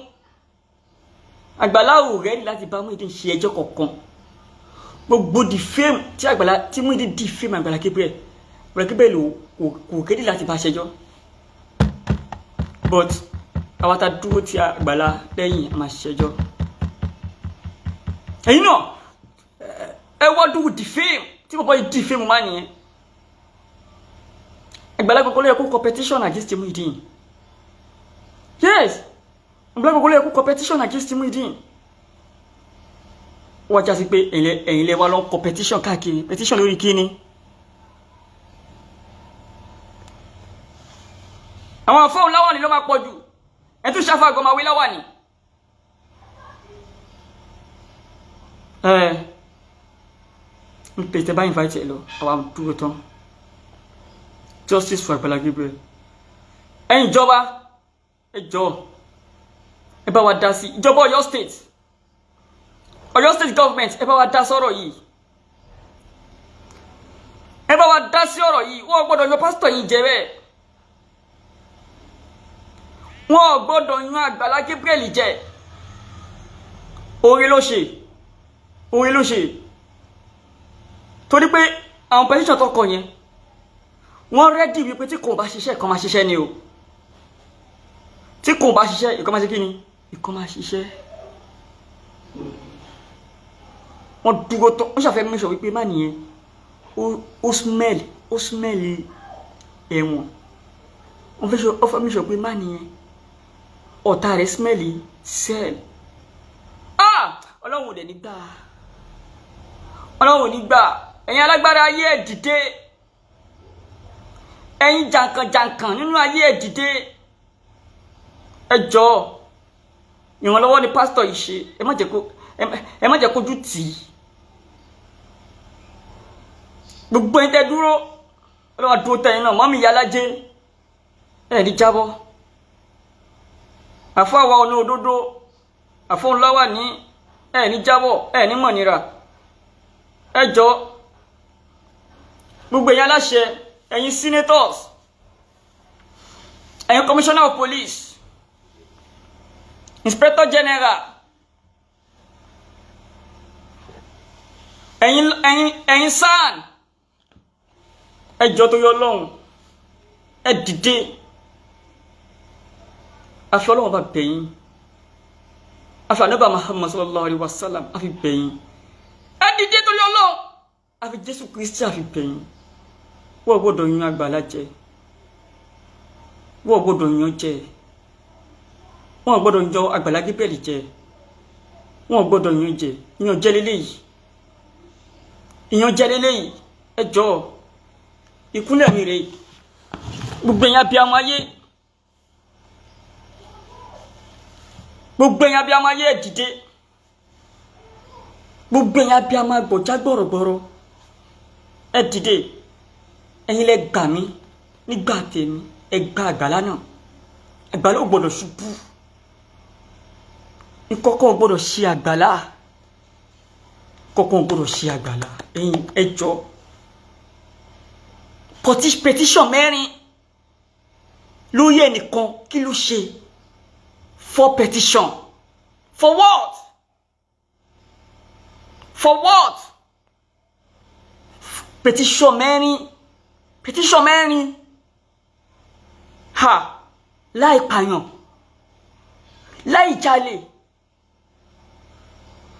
Àgbàlá ò rẹ́ni láti bá Muyideen ṣe ẹjọ́ kọ̀ọ̀kan gbogbo the fame tí Àgbàlá tí Muyideen di fame Àgbàlá Gabriel Àgbàlá Gabriel kò kò kéde láti bá ṣẹjọ́ but àwa ta dúró ti àgbàlá lẹ́yìn a máa ṣẹjọ́ ẹ̀yin náà ẹ wá dúró di fíìmù tí bàbá yìí di fíìmù máa nìyẹn àgbàlá gbogbo yẹ kó competition against Muyideen yes àgbàlá gbogbo yẹ kó competition against Muyideen wọ́n já sí pé ẹ̀yin lè lọ competition káàkiri petition lórí kíni. àwọn afọ́ ọ̀làwọ̀ ni ló máa pọ̀ jù ẹ tún ṣáfà gọmọ awé láwà ni. ẹ n invite ẹ lọ àwa dúró justice for Agbala Gabriel ẹ̀yin ìjọba ẹ jọ̀ọ́ ẹ bá wa dá sí your Ọ̀yọ́ state Ọ̀yọ́ state government ẹ bá wa dá sọ̀rọ̀ yìí ẹ bá wa dá sí ọ̀rọ̀ yìí wọn gbọ́dọ̀ yọ pásítọ̀ yìí wọn ò gbọ́dọ̀ yan Àgbàlá Gabriel jẹ oore ló ṣe oore ló ṣe torí pé àwọn pẹtíṣàn tó kọ yẹn wọn rẹdí wípé tí kò bá ṣiṣẹ́ ìkan máa ṣiṣẹ́ ni o tí kò bá ṣiṣẹ́ ìkan máa ṣe kí ni ìkan máa ṣiṣẹ́ wọn dúró tán wọn ṣàfẹ́ mẹ́sàn wípé má nìyẹn ó smell ó smell ẹ̀wọ̀n wọn fẹ́ mẹ́sàn pé má nìyẹn ọ̀tá rẹ̀ smẹ́lì sẹ́ẹ̀lì ah! ọlọ́run ò dẹ̀ nígbà ọlọ́run ò nígbà ẹ̀yin alágbára ayé ẹ̀ dìde ẹ̀yin jàǹkànjàǹkàn nínú ayé ẹ̀ dìde ẹ jọ ìrànlọ́wọ́ ni pásítọ̀ yìí ṣe ẹ má jẹ́ kójú tì í gbogbo ẹ̀yin tẹ́ dúró ọlọ́run àdúró tẹ̀yìn náà mọ́mí ìyá alájẹ ẹ̀ ní jábọ́ àfọ àwa olódodo àfọ̀nláwà ní ẹ ní jábọ̀ ẹ ní mọ̀nira ẹ jọ gbogbo ẹ̀yin aláṣẹ ẹ̀yin senators ẹ̀yin commissioner of police inspector general ẹ̀yin ẹ̀yin ẹ̀yin SAN ẹ jọ tó yọ lọ́hùn ẹ dìde afi ọlọ́run bá bẹ̀yìn afi anábà Muhammad sallallahu alayhi wa sallam afi bẹ̀yìn ẹ dìde torí ọlọ́run afi Jésù Kristi afi bẹ̀yìn wọ́n gbọ́dọ̀ yan àgbàlá jẹ wọ́n gbọ́dọ̀ yan jẹ wọ́n gbọ́dọ̀ yan àgbàlá Gabriel jẹ wọ́n gbọ́dọ̀ yan jẹ yan jẹ lélẹ́yìí yan jẹ lélẹ́yìí ẹ jọ ìkúnlẹ̀ mi rèé gbogbo ẹ̀yin abiyamọ ayé. gbogbo ẹ̀yin abiyamọ ayé ẹ̀ dìde gbogbo ẹ̀yin abiyamọ agbọ̀já gbọ̀rọ̀gbọ̀rọ̀ ẹ̀ dìde ẹ̀yin lẹ gbà mí nígbà tèmi ẹ̀ gba àgbàlá náà àgbàlá ò gbọ́dọ̀ ṣubú ìkọ̀kọ̀ ò gbọ́dọ̀ ṣe àgbàlá kọ̀kọ̀ ò gbọ́dọ̀ ṣe àgbàlá ẹ̀yin ẹ jọ petition mẹ́rin lórí ẹnìkan kí ló ṣe for petition. For what? For what? Petition many, Petition many. Ha! Láì pààyàn. Láì jalè.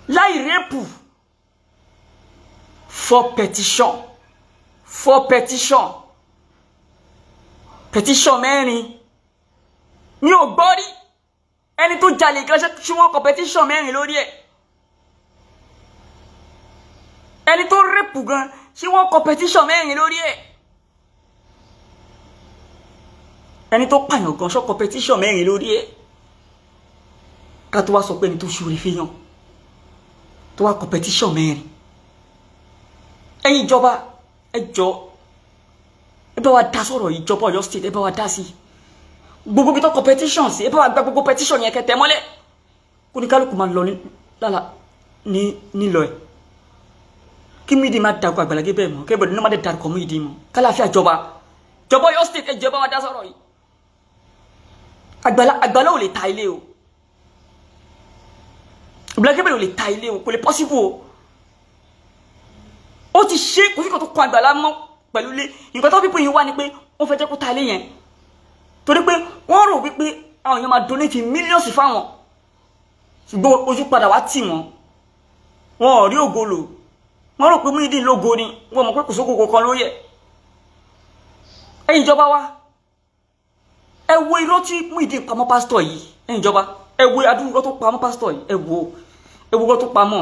Láì rẹ́pù. For petition. For petition. Petition many. Mi ò gbọ́ ẹni tó jalè kan ṣe wọn competition mẹ́rin lórí ẹ̀ ẹni tó rẹ́pù gan ṣe wọn competition mẹ́rin lórí ẹ̀ ẹni tó pààyàn gan ṣe competition mẹ́rin lórí ẹ̀ ká tó wá sọ pé ẹni tó ṣòro fihàn tó wá competition mẹ́rin ẹ̀yin ìjọba ẹ jọ ẹ bá wa dá sọ̀rọ̀ ìjọba Ọ̀yọ́ state ẹ bá wa dá sí i gbogbo bí tó kọ petition sí ẹ bá wa gba gbogbo petition yẹn kẹtẹ mọ́lẹ̀ kó ní kálukú máa lọ ní lálà ní nílọ ẹ kí mídìí má dàkọ Àgbàlá Gabriel mọ́ kébọ̀dé ní má dé dàkọ mídìí mọ́ kálàfíà jọba jọba yọ state ẹ jọba wa dá sọ̀rọ̀ yìí Àgbàlá Àgbàlá ò lè ta ilé o Àgbàlá Gabriel ò ta ilé o kò lè possible o ó ti ṣe kò sí kan tó kọ Àgbàlá mọ́ pẹ̀lú ilé nǹkan tó pípín yìí wá ni pé wọ́n fẹ́ jẹ́ kó ta ilé yẹn torí pé wọ́n rò wípé àwọn èèyàn máa donate millions fáwọn ṣùgbọ́n ojú padà wá tì wọ́n wọn ò rí ògo lò wọ́n rò pé Muyideen lógo ni wọ́n mọ̀ pé kò sókòkò kan ló yẹ ẹ̀yin ìjọba wa ẹ wo irọ́ tí Muyideen pamọ́ pásítọ̀ yìí ẹ̀yin ìjọba ẹ wo adúgbò tó pamọ́ pásítọ̀ yìí ẹ wo ẹ wo irọ́ tó pamọ́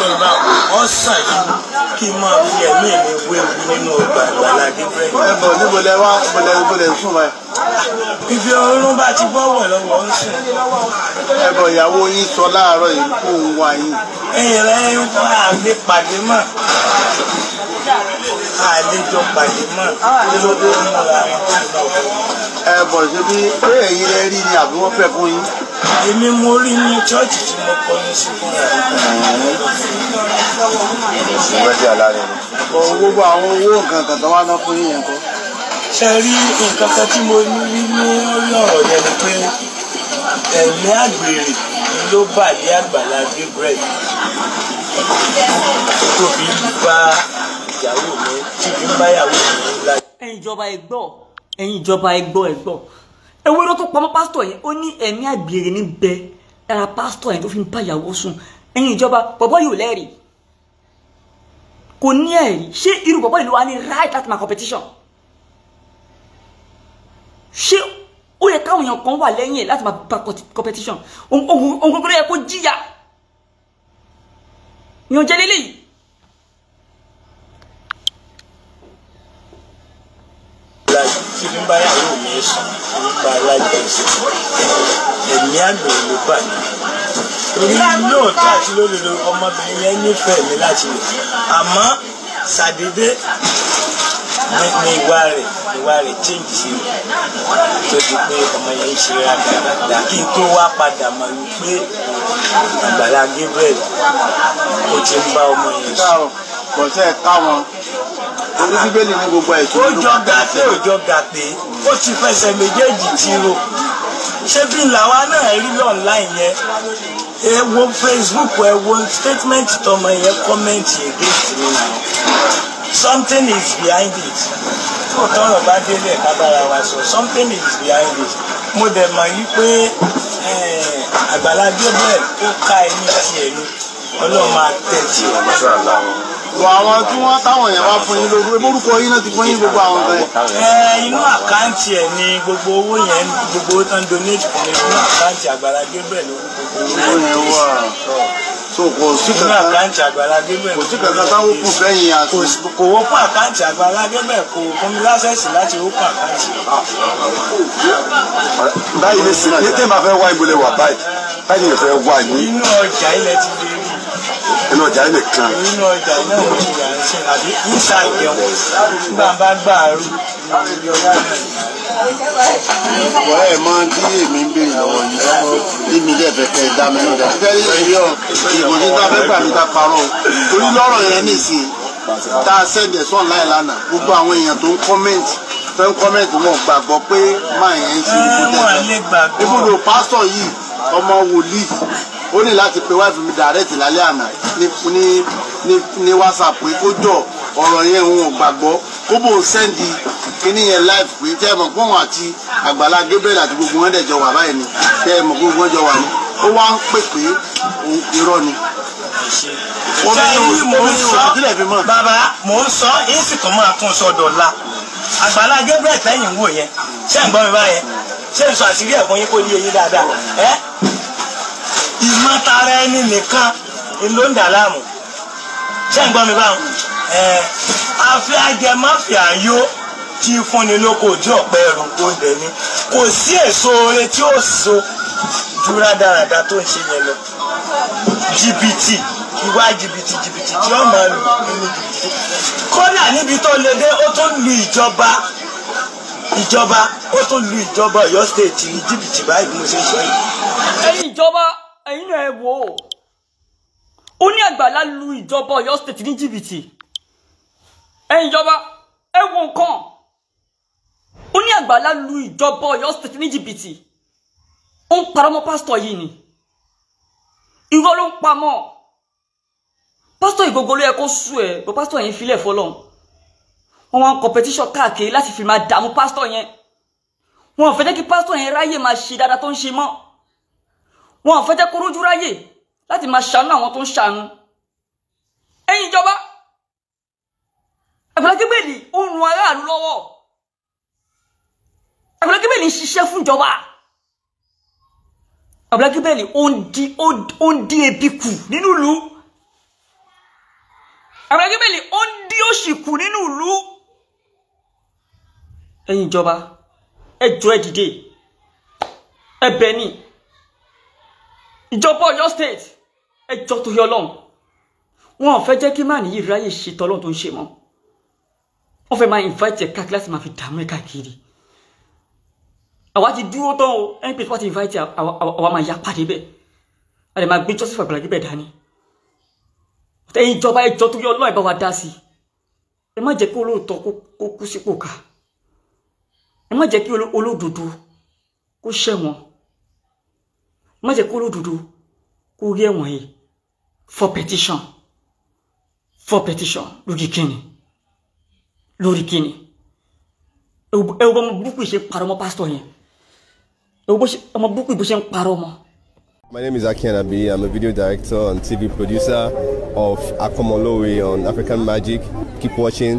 lọ bá wọn sàn kí n máa fi ẹ̀mí mi wéwu nínú ọgbà Àgbàlá Gabriel. ẹ̀bùn níbo lẹ wá bọ̀lẹ̀ bọ̀lẹ̀ fún wa. ibi ọrún bá ti bọ́wọ̀ lọ́wọ́ ń sùn. ẹ̀bùn ìyàwó yín sọ láàárọ̀ yìí kó ń wá yín. ẹ̀yìn rẹ̀ ń wá àgbẹ̀ pàdé mọ́ àlejò pàdé mọ́ lórí ọmọ àwọn ọmọ. ẹ̀bùn ṣe bí pé èyí rí ni àbí wọ́n fẹ́ fún yín èmi mo rí ní chọ́ọ̀chì tí mo kọ ní sùkúrà. ìgbẹ́jẹ̀ gbogbo àwọn owó nǹkan kan tó wá ná fún yíyan kọ. ṣe rí nǹkan kan tí mo ní ní orí ọ̀rọ̀ yẹn ni pé ẹ̀mí àgbèrè ló bà ní àgbàlá Gabriel tóbi bá ìyàwó mi tóbi bá ìyàwó mi láyé. ẹ̀yin ìjọba ẹ gbọ́ ẹ̀yin ìjọba ẹ gbọ́ ẹ gbọ́ ewúro tó pamọ́ pásítọ̀ yẹn ó ní ẹ̀mí àgbèrè ní bẹ ara pásítọ̀ yẹn tó fi ń bá ìyàwó sùn ẹ̀yin ìjọba bọ̀bọ̀ yìí ò lẹ́rìí kò ní ẹ̀rí ṣé irú bọ̀bọ̀ yìí ló wà ní right at my competition ṣé ó yẹ káwọn èèyàn kan wà lẹ́yìn ẹ̀ láti máa bá competition òun kò kúrò yẹ kó jíyà ìyànjẹ́ lélẹ́yìí láyé kí n bá yàrá mi sùn kí n bá láyé sùn ẹ̀mí àmì ìlú bà mí torí lóòótọ́ àti lódodo ọmọbìnrin yẹn nífẹ̀ẹ́ mi láti lè àmọ́ ṣàdédé ní ìwà rẹ̀ ìwà rẹ̀ change sí mi tó di pé ọmọ yẹn ń ṣe rádaràdà kí n tó wá padà mọ̀ wípé Àgbàlá Gabriel ó ti ń bá ọmọ yẹn sùn orí bíbélì ní gbogbo ètò. ó jọ ga pé ó jọ ga pé ó ti fẹsẹ̀ méjèèjì tiro ṣé bí làwa náà rí online yẹn ẹ wo Facebook ẹ wo statement tọmọ yẹn comment against me something is behind it tó tọrọ bá délé ẹ̀ka bára wa sọ something is behind it mo dẹ̀ mọ̀ yí pé eh, Àgbàlá Gabriel ó ká ẹni tiẹ̀ ni ọlọ́run máa tẹ̀ tiẹ̀ bọ̀ àwọn tí wọ́n táwọn yẹn wá fún yín lórúkọ emórúkọ yín náà ti fún yín gbogbo àwọn nǹkan yẹn. ẹ inú àkáǹtì ẹ ni gbogbo owó yẹn gbogbo owó tán donate kò ní inú àkáǹtì Àgbàlá Gabriel lórúkọ owó yẹn wà so kò sí kankan inú àkáǹtì Àgbàlá Gabriel kò sí kankan táwọn kù fẹ́yìn àti. kò wọ́pọ̀ àkáǹtì Àgbàlá Gabriel kò fún mi lásẹ̀sì láti wọ́pọ̀ àkáǹtì. báyìí ní sèké tèmi àfẹ́ wá ìgbélé wà báyìí báyìí ní ìfẹ́ wá ìgbélé. inú ọjà ilẹ̀ ti di inú ọjà yìí nìkan. inú ọjà yìí náà mo ti rà ń sìn àbí níta ìjẹun nígbà bá gbà á rú. wọ́n ẹ̀ máa ń tí èmi ń béèrè lọ́wọ́ yìí lọ́wọ́ bí mi dẹ̀ fẹ́ kẹ́ ẹ dá mi náà dá. ṣé èyí ọ ìbò nígbà fẹ́ gbà mí ká parọ́ torí lọ́rọ̀ yẹn nìsín tá a sẹ́ndẹ̀ sọ̀ láì lánàá gbogbo àwọn èèyàn tó ń kọ́mẹ́ǹtì tó ń kọ́mẹ́ǹtì wọn gbàgbọ́ pé máa yẹn ń ṣe ibùdó pásítọ̀ yìí ọmọ wòlíì ó ní láti pe wáìfì mi direct lálẹ́ àná ní ní ní ní whatsapp pé kó jọ ọ̀rọ̀ yẹn òun ò gbàgbọ́ kó bò ń sẹ́ndì kíní yẹn live pé tẹ́ ẹ mọ̀ pé òun àti Àgbàlá Gabriel àti gbogbo wọn dẹ̀ jọ wà báyìí ni tẹ́ ẹ mọ̀ pé gbogbo wọn jọ wà ní ó wá ń pè pé irọ́ ni. omi ò sàtìlẹ̀ fi mọ̀. bàbá mò ń sọ èyí sì tún máa tún sọ dọ̀la Àgbàlá Gabriel tẹ́yìn wò yẹn ṣé ń gbọ́ mi báyẹn ṣé ń sọ àṣírí ẹ̀gbọ́n yín kó ní eyín dáadáa ẹ́ ìmọ̀tara ẹni nìkan ló ń dà láàmú ṣé ń gbọ́ mi báwọn àfẹ́ ajẹmáfíà yó tí fúnni lóko ojú ọ̀pẹ ẹ̀rù oúnjẹ ni kò sí èso oore tí ó so ju rádaràda tó ń ṣe yẹn lọ jìbìtì ìwà jìbìtì jìbìtì tí ó máa lù nínú jìbìtì kódà níbi tó lè dé ó tún lu ìjọba ìjọba ó tún lu ìjọba Ọ̀yọ́ stéètì ní jìbìtì báyìí mo ṣe sọ yìí. ẹ̀yin ìjọba ẹ̀yin náà ẹ wò ó ó ní Àgbàlá lu ìjọba Ọ̀yọ́ state ní jìbìtì ẹ̀yin ìjọba ẹ wo nǹkan ó ní Àgbàlá lu ìjọba Ọ̀yọ́ state ní jìbìtì ó ń paramọ́ pásítọ̀ yìí ni irọ́ ló ń pamọ́ pásítọ̀ ìgbogbo ló yẹ kó sú ẹ bó pásítọ̀ yẹn filẹ̀ fọlọ́n wọn wá ń kọ̀pẹ́tíṣọ̀ káàkiri láti fi máa dààmú pásítọ̀ yẹn wọn ò fẹ́ kí pásítọ̀ yẹn ráyè máa ṣe dáadáa tó ń ṣe mọ́ wọn fẹ́ jẹ́ kó rójú ráyè láti máa ṣàánú àwọn tó ń ṣàánú ẹ̀yin ìjọba Agbala Gabriel ó ń ran aráàlú lọ́wọ́ Agbala Gabriel ń ṣiṣẹ́ fún ìjọba Agbala Gabriel ó ń dín ebi kù nínú ìlú Agbala ó ń dín òṣì kù nínú ìlú ẹ̀yin ìjọba ẹ jọ̀ọ́ ẹ ni ìjọba Ọ̀yọ́ state ẹjọ́ tó yọ Ọlọ́run wọn ò fẹ́ jẹ́ kí máà nìyí ráyè ṣe tọlọ́run tó ń ṣe mọ́ wọn fẹ́ máa invite ẹ káàkiri láti máa fi dààmú ẹ káàkiri àwa ti dúró tán o npp wọn ti invite àwa máa ya pàdé bẹ́ẹ̀ a lè máa gbé Joseph Àgbàlagé bẹ́ẹ̀ dání ẹ̀yin ìjọba ẹjọ́ tó yọ Ọlọ́run ẹ bá wa dá sí ẹ má jẹ́ kí olóòótọ́ kó kú sípò ká ẹ má jẹ́ kí olódodo kó ṣẹ̀wọ̀n má jẹ́ kó lódodo kó rí ẹ̀wọ̀n yìí for petition for petition lórí kíni lórí kíni ẹwọ ọmọ burúkú ìṣe parọ́ mọ́ pásítọ̀ yẹn ẹwọ ọmọ burúkú ìbò ṣe ń parọ́ mọ́. My name is Aki Anabi. I'm a video director and TV producer of Akomolowe on African Magic. Keep watching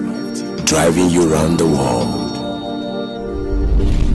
driving you around the world.